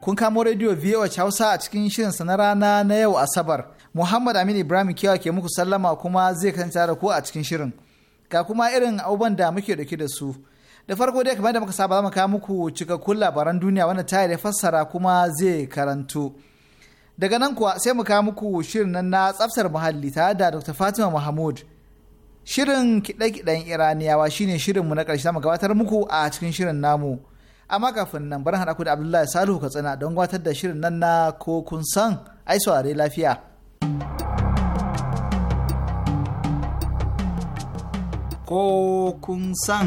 kun kamo rediyo VOH Hausa a cikin shirin sa na rana na yau Asabar. Muhammad Amin Ibrahim Kiyawa ke muku sallama kuma zai kanta da ku a cikin shirin. Ga kuma irin abubuwan da muke dauke da su. Da farko dai kamar da muka saba za mu kawo muku cikakkun labaran duniya wanda ta da fassara kuma zai karantu. Daga nan kuwa sai mu kawo muku shirin nan na tsaftar muhalli tare da Dr. Fatima Mahmud. Shirin kiɗe-kiɗen Iraniyawa shine mu na ƙarshe mu gabatar muku a cikin shirin namu. amma kafin nan bar hana ku da abdullahi salihu ka tsana don gwatar da shirin nan na ko kun san ai saurare lafiya ko kun san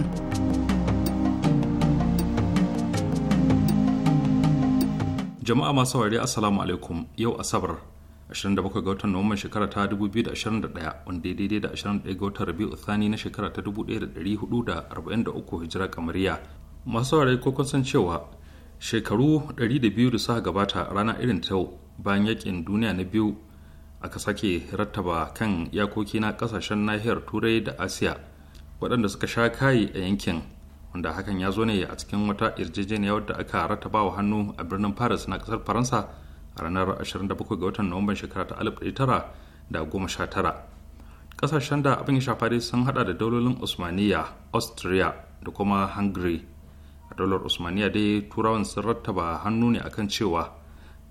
jama'a masu saurare assalamu alaikum yau asabar 27 ga watan Nuwamban shekara ta 2021 wanda ya daidai da 21 ga watan Rabiu Thani na shekara ta 1443 Hijira kamariya. masu ware ko kusan shekaru cewa shekaru 200 da suka gabata rana irin ta yau bayan yakin duniya na biyu aka sake rattaba kan iyakoki na kasashen nahiyar turai da asiya waɗanda suka sha kayi a yankin wanda hakan ya zo ne a cikin wata yarjejeniya wadda aka rattaba wa hannu a birnin paris na ƙasar faransa a ranar 27 ga watan nuwamban shekara ta 1919 ƙasashen da abin ya shafa dai sun hada da daulolin usmaniya austria da kuma hungary a daular usmaniya dai turawan sun rattaba hannu ne akan cewa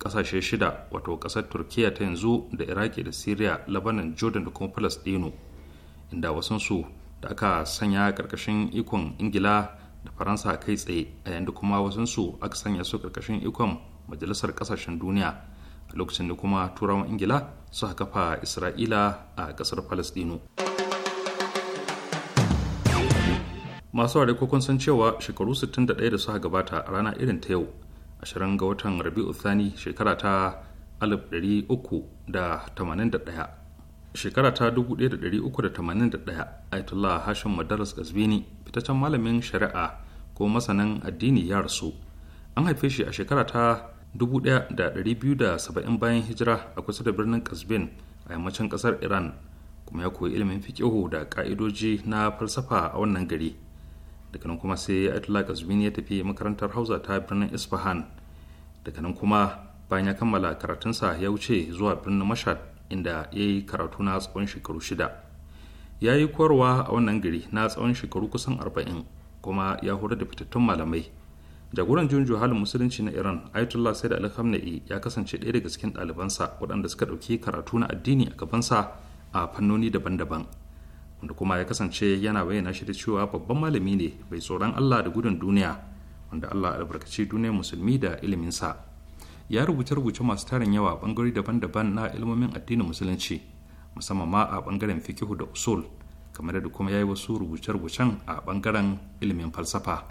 kasashe shida wato kasar turkiya ta yanzu da iraki da syria labanan jordan da kuma palestino inda wasansu da aka sanya karkashin ikon ingila da faransa kai tsaye a yanda kuma wasansu aka sanya su karkashin ikon majalisar kasashen duniya a lokacin da kuma turawan ingila suka kafa isra'ila a kasar palestino masu ware ko kun san cewa shekaru 61 da suka gabata a rana irin ta yau 20 ga watan rabi'u thani shekara ta 1381 shekara ta 1381 ayatollah hashim madaras gazbini fitaccen malamin shari'a ko masanin addini ya rasu an haife shi a shekara ta 1270 bayan hijira a kusa da birnin kasbin a yammacin kasar iran kuma ya koyi ilimin fiƙihu da ƙa'idoji na falsafa a wannan gari daga nan kuma sai Ayatollah Azumin ya tafi makarantar Hausa ta birnin Isfahan daga nan kuma bayan ya kammala karatunsa ya wuce zuwa birnin Mashhad inda ya yi karatu na tsawon shekaru shida ya yi koyarwa a wannan gari na tsawon shekaru kusan arba'in kuma ya horar da fitattun malamai jagoran junju halin musulunci na iran ayatollah said da khamenei ya kasance ɗaya daga cikin ɗalibansa waɗanda suka ɗauki karatu na addini a gabansa a fannoni daban-daban wanda kuma ya kasance yana bayyana shi da cewa babban malami ne bai tsoron Allah da gudun duniya wanda Allah albarkaci duniyar musulmi da iliminsa ya rubuta rubuce masu tarin yawa a bangare daban-daban na ilmomin addinin musulunci musamman ma a bangaren fikihu da usul kamar da kuma ya yi wasu rubuce-rubucen a bangaren ilimin falsafa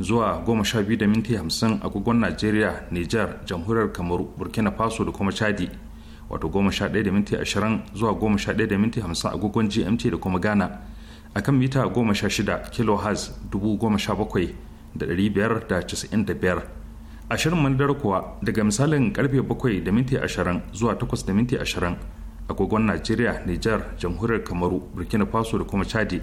zuwa goma sha biyu da minti agogon najeriya nijar jamhuriyar kamaru burkina faso da kuma chadi wato goma sha ɗaya zuwa goma sha ɗaya da minti hamsin agogon gmt da kuma ghana akan mita goma sha shida kilohertz dubu goma sha bakwai da da da biyar ashirin mandar kuwa daga misalin karfe bakwai da minti ashirin zuwa takwas da minti ashirin agogon najeriya nijar jamhuriyar kamaru burkina faso da kuma chadi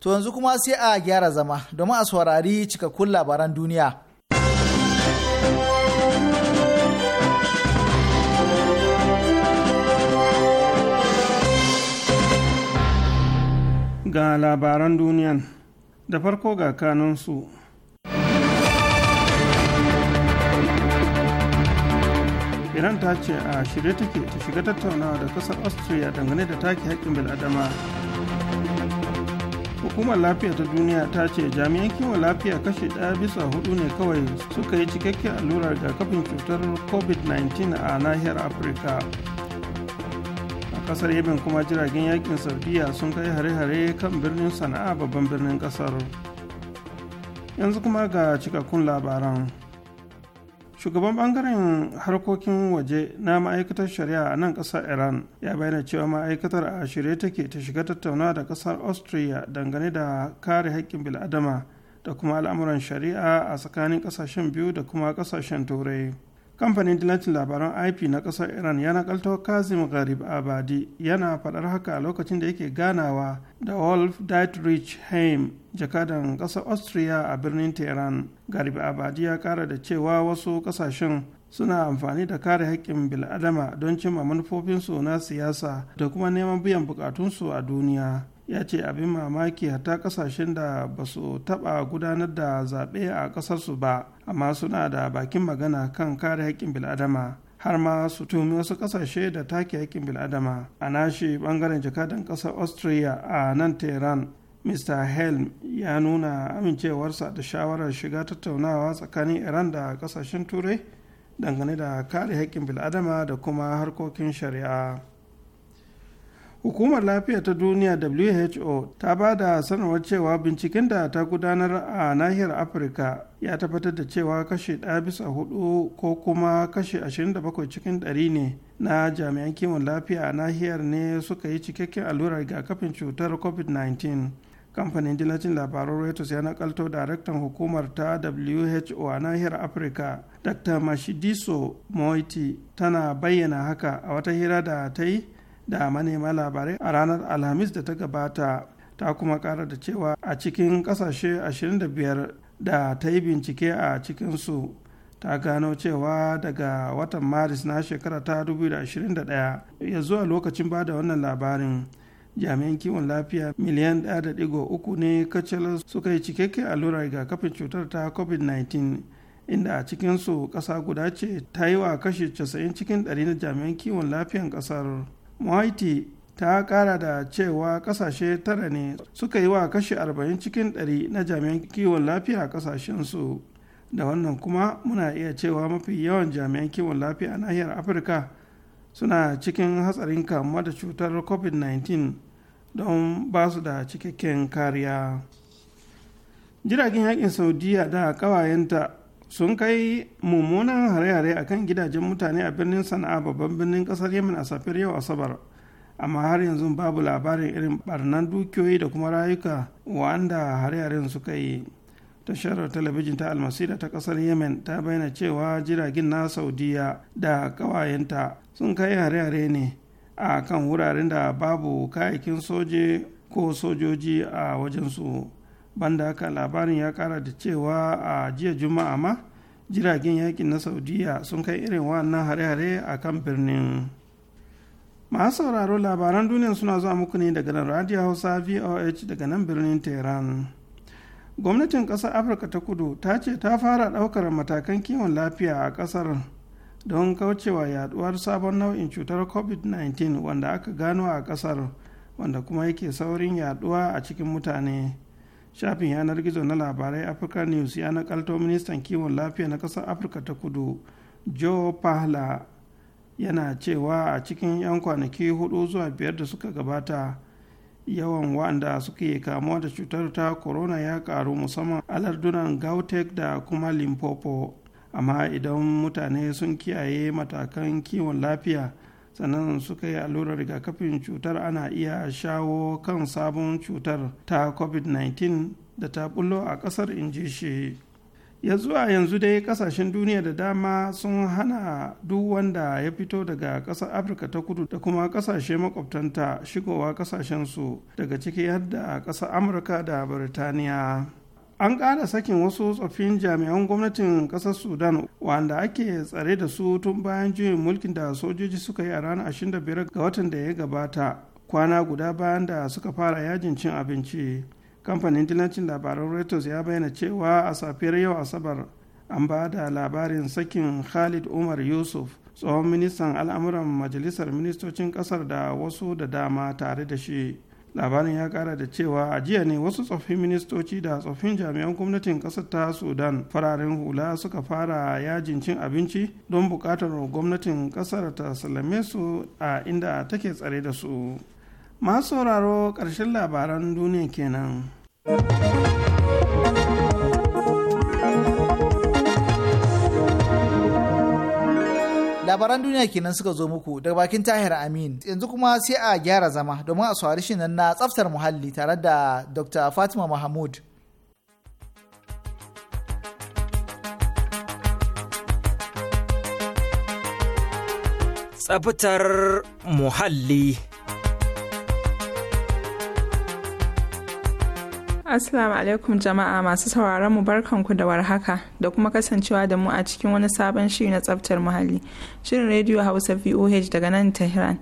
To yanzu kuma sai a gyara zama domin a saurari cikakkun labaran duniya. Ga labaran duniyan da farko ga kanunsu. Iran ta ce a shirye take ta shiga tattaunawa da kasar Austria dangane da take haƙƙin bil'adama. hukumar lafiya ta duniya ta ce jami'an kiwon lafiya kashe ɗaya bisa hudu ne kawai suka yi cikakken allurar kafin cutar covid-19 a nahiyar afirka a kasar yemen kuma jiragen yakin saudiya sun kai hare-hare kan birnin sana'a babban birnin kasar yanzu kuma ga cikakkun labaran shugaban bangaren harkokin waje na ma'aikatar shari'a a nan kasar iran ya bayyana cewa ma'aikatar a shirye take ta shiga tattaunawa da kasar austria dangane da kare haƙƙin bil'adama da kuma al'amuran shari'a a tsakanin kasashen biyu da kuma kasashen turai kamfanin dillacin labaran ip na kasar iran ya nakalto kazim garib abadi yana faɗar haka a lokacin da yake ganawa da wolf dietrich heim jakadan ƙasar austria a birnin tehran garib abadi ya ƙara da cewa wasu ƙasashen suna amfani da kare haƙƙin bil'adama don cimma manufofinsu na siyasa da kuma neman biyan buƙatunsu a duniya ya ce abin mamaki hata kasashen da ba su taɓa gudanar da zaɓe a ƙasarsu ba amma suna da bakin magana kan kare haƙƙin bil'adama har ma su tumi wasu ƙasashe da take haƙƙin bil'adama a nashi ɓangaren jakadan ƙasar austria a nan tehran mr helm ya nuna amincewarsa da shawarar shiga tattaunawa tsakanin iran da ƙasashen turai dangane da kare haƙƙin bil'adama da kuma harkokin shari'a hukumar lafiya ta duniya who ta ba da sanarwar cewa binciken da ta gudanar a nahiyar afirka ya tabbatar da cewa kashe ɗaya bisa hudu ko kuma kashe 27 cikin ɗari ne na jami'an kiwon lafiya a nahiyar ne suka yi cikakken allurar kafin cutar covid-19 kamfanin dillacin labarun reuters ya nakalto daraktan hukumar ta who a nahiyar afirka dr mashidiso moiti tana bayyana haka a wata hira da ta yi da manema labarai a ranar alhamis da ta gabata ta kuma kara da cewa a cikin kasashe 25 da ta yi bincike a cikinsu ta gano cewa daga watan maris na shekara ta 2021 ya zuwa lokacin ba da wannan labarin jami'an kiwon lafiya miliyan 1.3 ne kacal suka yi cikakken allurar kafin cutar ta covid-19 inda a cikinsu kasa guda ce ta yi wa kashi 90 cikin 100 na jami'an kiwon lafiyan kasar. moiti ta kara da cewa kasashe tara ne suka yi wa kashi 40 cikin 100 na jami'an kiwon lafiya a su da wannan kuma muna iya cewa mafi yawan jami'an kiwon lafiya a nahiyar afirka suna cikin hatsarin kamuwa da cutar covid-19 don ba su da cikakken kariya jiragen yakin saudiya da kawayenta sun kai mummunan hare-hare a kan gidajen mutane a birnin sana'a babban birnin kasar yemen a safiyar yau asabar amma har yanzu babu labarin irin barnan dukiyoyi da kuma rayuka wanda hare-haren suka yi tashar talabijin ta almasira ta kasar yemen ta bayyana cewa jiragen na saudiya da kawayenta sun kai hare-hare ne a kan wuraren da babu kayakin soje ko sojoji a wajensu banda haka labarin ya kara da cewa a jiya juma'a ma jiragen yakin na saudiya sun kai irin wannan hare-hare a kan birnin masu sauraro labaran duniya suna zuwa muku ne daga nan radio hausa voh daga nan birnin tehran gwamnatin kasar afirka ta kudu ta ce ta fara daukar matakan kiwon lafiya a kasar don kaucewa yaduwar sabon nau'in cutar covid-19 wanda aka gano a kasar wanda kuma yake saurin yaduwa a cikin mutane. shafin yanar gizo na labarai africa news ya nakalto ministan kiwon lafiya na ƙasar afirka ta kudu joe pahla yana cewa a cikin 'yan kwanaki hudu zuwa biyar da suka gabata yawan wanda suke kamuwa da cutar ta corona ya karu musamman a lardunan gautek da kuma limpopo amma idan mutane sun kiyaye matakan kiwon lafiya sannan suka yi allurar rigakafin cutar ana iya shawo kan sabon cutar ta covid-19 da ta bullo a kasar inji shi ya zuwa yanzu dai kasashen duniya da dama sun hana duk wanda ya fito daga ƙasar afirka ta kudu da kuma ƙasashe makwabtanta shigowa su daga ciki yadda kasar ƙasar amurka da birtaniya an ƙara sakin wasu tsoffin jami'an gwamnatin ƙasar sudan wanda ake tsare da su tun bayan juyin mulkin da sojoji suka yi a ranar 25 ga watan da ya gabata kwana guda bayan da suka fara yajin cin abinci kamfanin dilancin labaran reuters ya bayyana cewa a safiyar yau asabar an ba da labarin sakin khalid umar yusuf tsohon ministan al'amuran majalisar ministocin ƙasar da wasu da dama tare da shi labarin ya kara da cewa a jiya ne wasu tsoffin ministoci da tsoffin jami'an gwamnatin kasar ta sudan fararen hula suka fara yajin cin abinci don bukatar gwamnatin kasar ta salame su a inda take tsare da su masu sauraro ƙarshen labaran duniya kenan. labaran duniya kenan suka zo muku daga bakin tahir amin yanzu kuma sai a gyara zama domin a saurari shi nan na tsaftar muhalli tare da dr fatima mahmud tsaftar muhalli Assalamu alaikum jama'a masu sauraron mu barkanku da warhaka da kuma kasancewa da mu a cikin wani sabon shiri na tsaftar muhalli. Shirin rediyo Hausa VOH daga nan Tehran.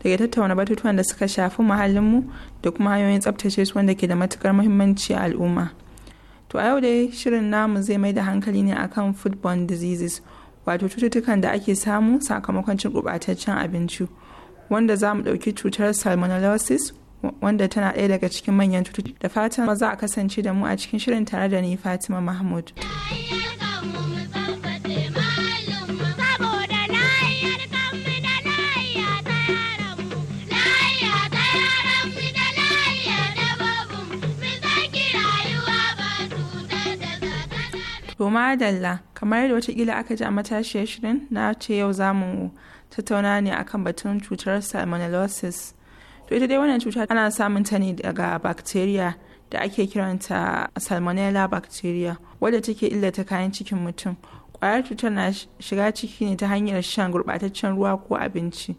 Da ke tattauna batutuwan da suka shafi muhallin mu da kuma hanyoyin tsaftace su wanda ke da matukar muhimmanci a al'umma. To a yau dai shirin namu zai mai da hankali ne akan foodborne diseases wato cututtukan da ake samu sakamakon cin gubataccen abinci wanda za mu ɗauki cutar salmonellosis wanda tana ɗaya daga cikin manyan cututtuka da fatan za a kasance da mu a cikin shirin tare da ni fatima mahmud Roma Dalla kamar yadda watakila aka ji a matashiyar shirin na ce yau zamu tattauna ne akan batun cutar salmonellosis to ita dai wannan cuta ana samun ta ne daga bacteria da ake kiranta salmonella bacteria wadda take illata kayan cikin mutum kwayar cutar na shiga ciki ne ta hanyar shan gurbataccen ruwa ko abinci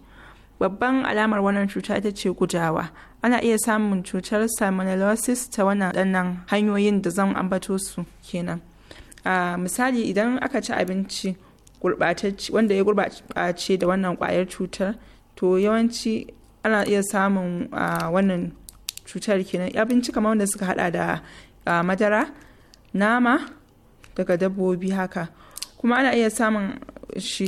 babban alamar wannan cuta ita ce gudawa ana iya samun cutar salmonellosis ta wannan hanyoyin da zan ambato su kenan a misali idan aka ci abinci wanda ya gurbace da wannan kwayar cutar to yawanci ana iya samun wannan cutar kenan abinci kamar wanda suka hada da madara nama daga dabbobi haka kuma ana iya samun shi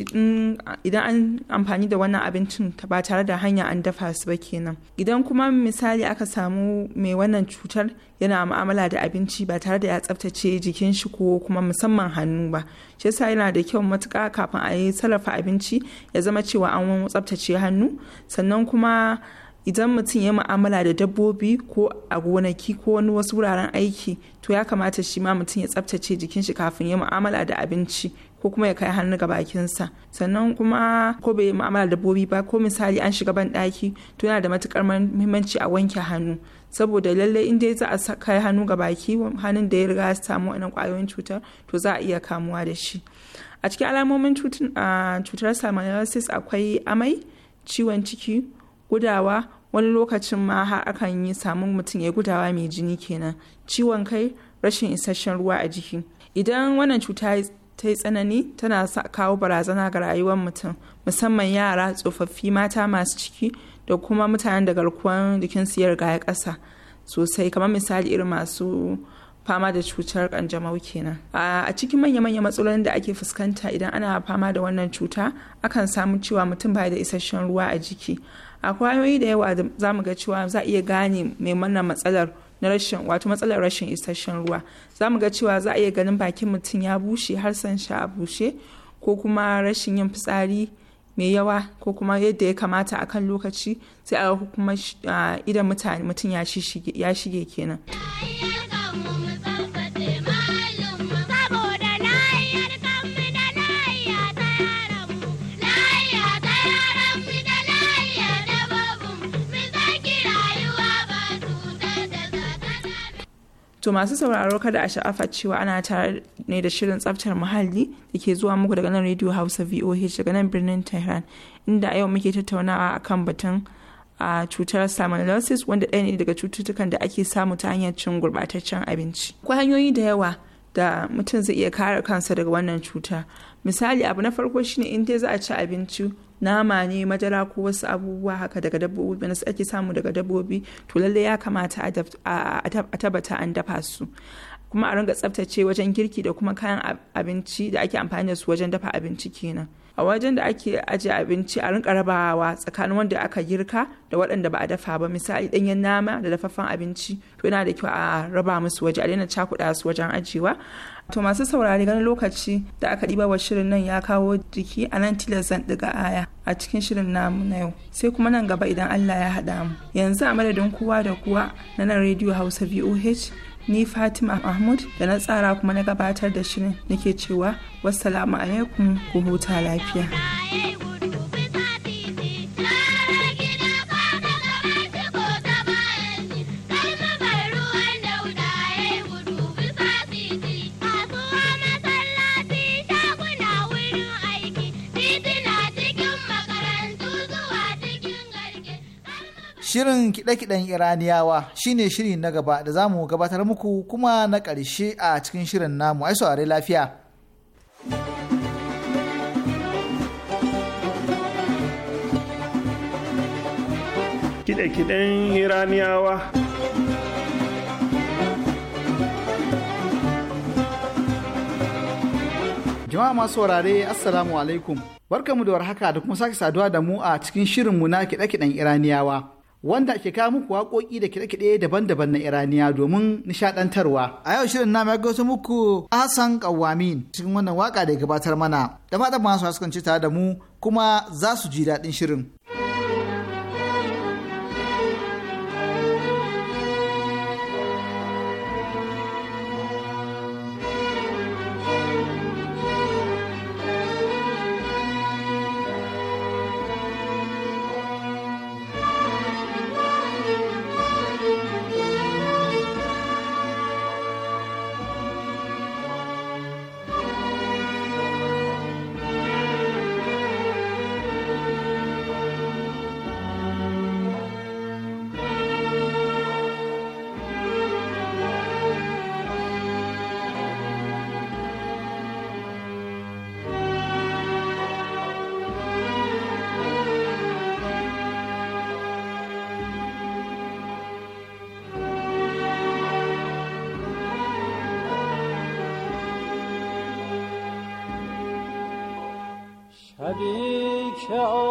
idan an amfani da wannan abincin ba tare da hanya an dafa su ba kenan idan kuma misali aka samu mai wannan cutar yana mu'amala da abinci ba tare da ya tsaftace jikin shi ko kuma musamman hannu ba shi yasa yana da kyau matuka kafin a yi sarrafa abinci ya zama cewa an tsaftace hannu sannan kuma idan mutum ya mu'amala da dabbobi ko a gonaki ko wani wasu wuraren aiki to ya kamata shi ma mutum ya tsabtace jikin shi kafin ya mu'amala da abinci ko kuma ya kai hannu ga bakinsa sannan kuma ko bai mu'amala da dabbobi ba ko misali an shiga ban daki to yana da matukar muhimmanci a wanke hannu saboda lallai in dai za a kai hannu ga baki hannun da ya riga ya samu wannan kwayoyin cutar to za a iya kamuwa da shi a cikin alamomin ah, cutar salmonellosis akwai amai ciwon ciki gudawa wani lokacin ma har akan yi samun mutum ya gudawa mai jini kenan ciwon kai rashin isasshen ruwa a jiki idan wannan cuta ta yi tsanani tana kawo barazana ga rayuwar mutum musamman yara tsofaffi mata masu ciki da kuma mutanen da garkuwar jikinsu ya riga ya ƙasa sosai kamar misali irin masu fama da cutar kanjamau kenan a cikin manya-manya matsalolin da ake fuskanta idan ana fama da wannan cuta akan samu cewa mutum bai da isasshen ruwa a jiki akwai hanyoyi da yawa da za mu ga cewa za a iya gane mai mana matsalar na rashin wato matsalar rashin isasshen ruwa za mu ga cewa za a iya ganin bakin mutum ya bushe har san sha a bushe ko kuma rashin yin fitsari mai yawa ko kuma yadda ya kamata a kan lokaci sai a kuma idan mutum ya shige kenan. To masu sauraro kada a sha'afa cewa ana tare ne da shirin tsaftar muhalli da ke zuwa muku daga nan Radio Hausa VOH daga nan birnin Tehran inda a yau muke tattaunawa akan batun a cutar salmonellosis wanda ɗaya ne daga cututtukan da ake samu ta hanyar cin gurɓataccen abinci. Akwai hanyoyi da yawa da mutum zai iya kare kansa daga wannan cuta. Misali abu na farko shine in dai za a ci abinci nama ne majara ko wasu abubuwa haka daga dabbobi wanda su ake samu daga dabbobi to lallai ya kamata a tabbata an dafa su kuma a ringa tsaftace wajen girki da kuma kayan abinci da ake amfani da su wajen dafa abinci kenan a wajen da ake ajiye abinci a rinka rabawa tsakanin wanda aka girka da waɗanda ba a dafa ba misali ɗanyen nama da dafaffen abinci to yana da kyau a raba musu waje a daina cakuɗa su wajen ajiyewa To masu saurari ganin lokaci da aka ɗiba wa shirin nan ya kawo jiki a nan tilas zan ɗiga aya a cikin shirin namu na yau sai kuma nan gaba idan Allah ya haɗa mu. Yanzu a madadin kowa da kowa na nan rediyo Hausa VOH ni Fatima Mahmud da na tsara kuma na gabatar da shirin nake cewa wassalamu alaikum ku huta lafiya. Shirin kiɗe-kiɗen Iraniyawa shine shiri na gaba da za mu gabatar muku kuma na ƙarshe a cikin shirin namu ai saurare lafiya. Kiɗe-kiɗen Iraniyawa Jama'a masu saurare Assalamu alaikum. Barkamu da warhaka da kuma sake saduwa da mu a cikin shirinmu na kiɗe-kiɗen Iraniyawa. wanda ke kawo muku waƙoƙi da kiɗe-kiɗe daban-daban na Iraniya domin nishaɗantarwa. A yau shirin nama ya gaso muku Hassan Kawamin cikin wannan waƙa da ya gabatar mana. Da fatan masu haskanci tare da mu kuma za su ji daɗin shirin. tabii ki o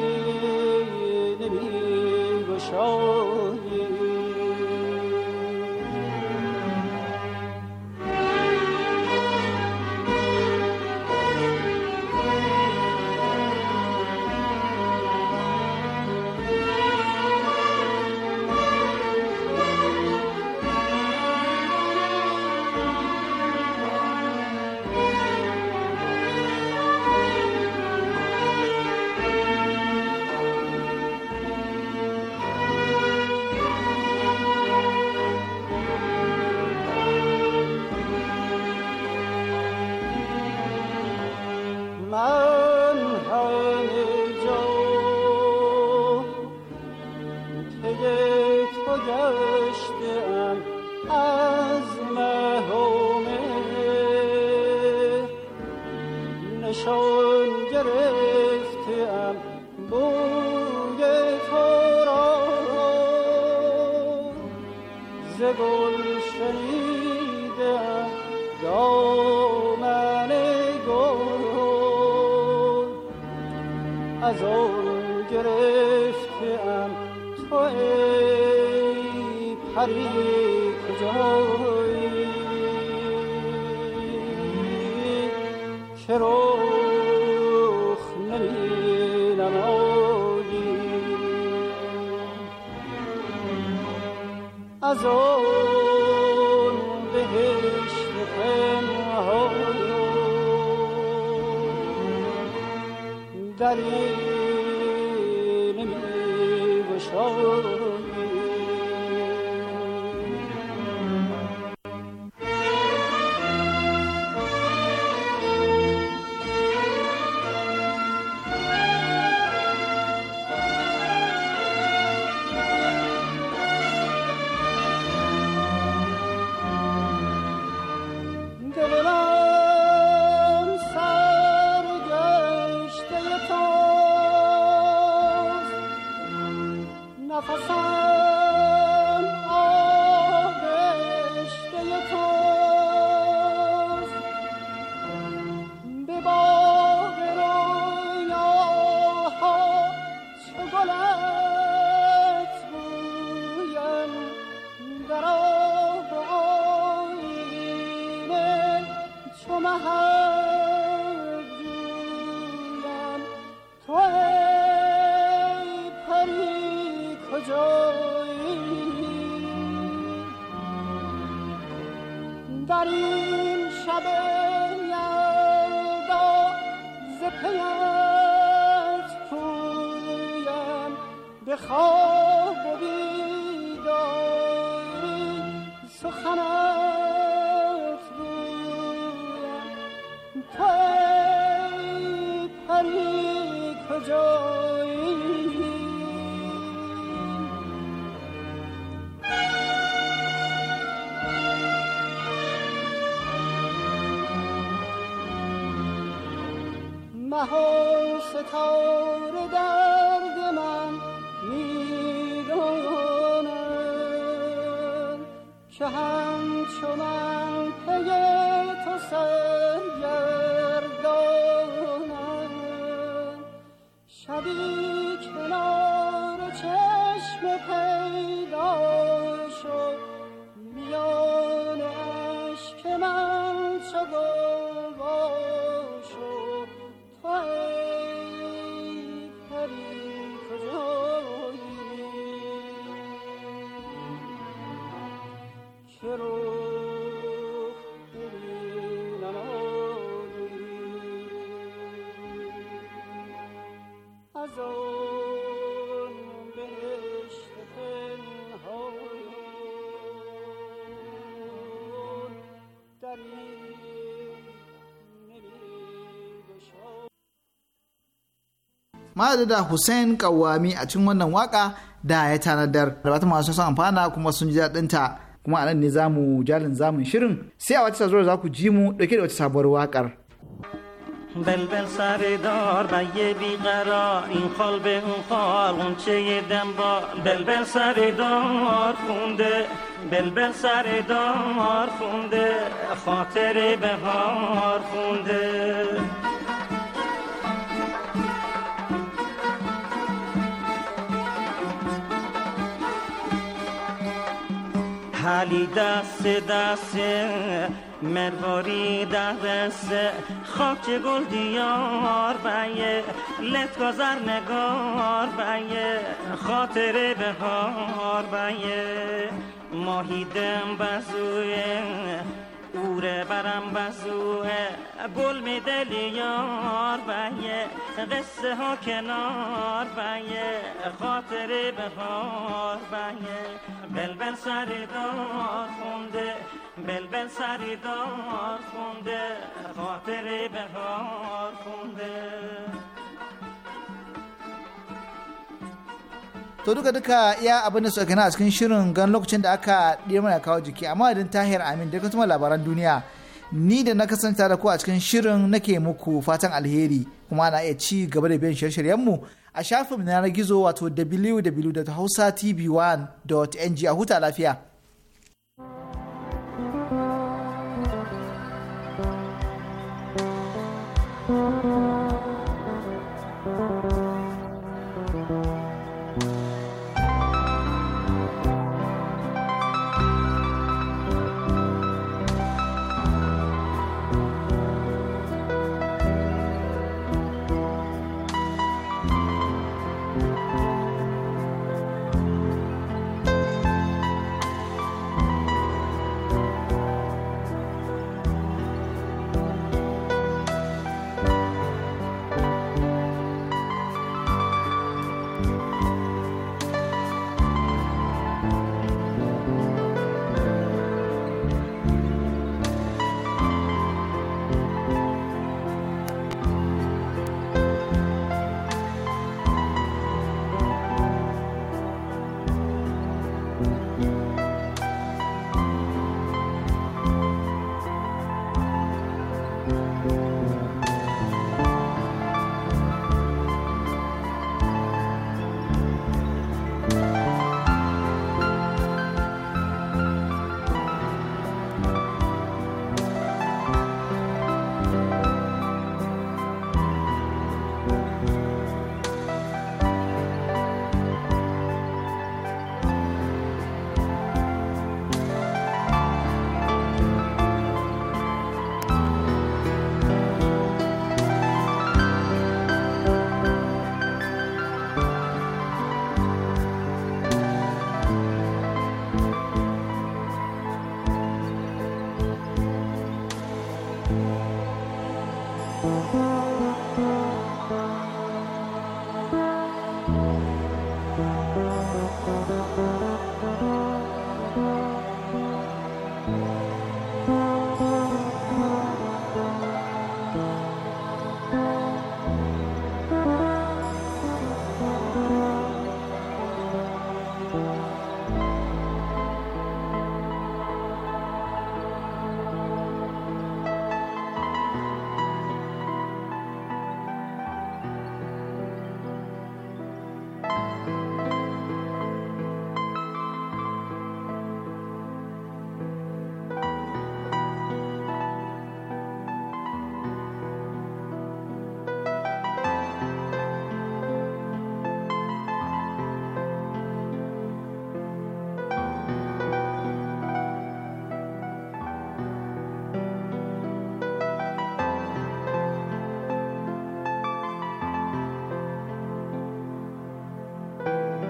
از آن بهشت پنهان در این مها ستاره درد من میدانم که همچو من پی تو سرگردانم شبیه madada da Hussein Kawami a cikin wannan waka da ya tanadar. Da wata masu son amfana kuma sun ji daɗin ta. Kuma anan ne zamu mu jalin zamun shirin sai a wata sazuwar za ku ji mu dauke da wata sabuwar wakar. بلبل سر دار و یه بیقرار این خال به اون خال اونچه دنبال بلبل سر دار خونده بلبل سر دار خونده خاطر بهار خونده علی دست دست مرواری در دست خاک گل دیار بیه لت گذر نگار بیه خاطر بهار بیه دم بزویه اوره برم بزوه گل می دلیار بیه قصه ها کنار بهار بلبل سری دار خونده to duka duka iya abin da suka gana a cikin shirin gan lokacin da aka ɗirma mana kawo jiki amma idan tahir amin da kuma labaran duniya ni da na kasance da ku a cikin shirin nake muku fatan alheri kuma na iya ci gaba da biyan shirye-shiryenmu a shafin yanar gizo wato www.hausatv1.ng a huta lafiya.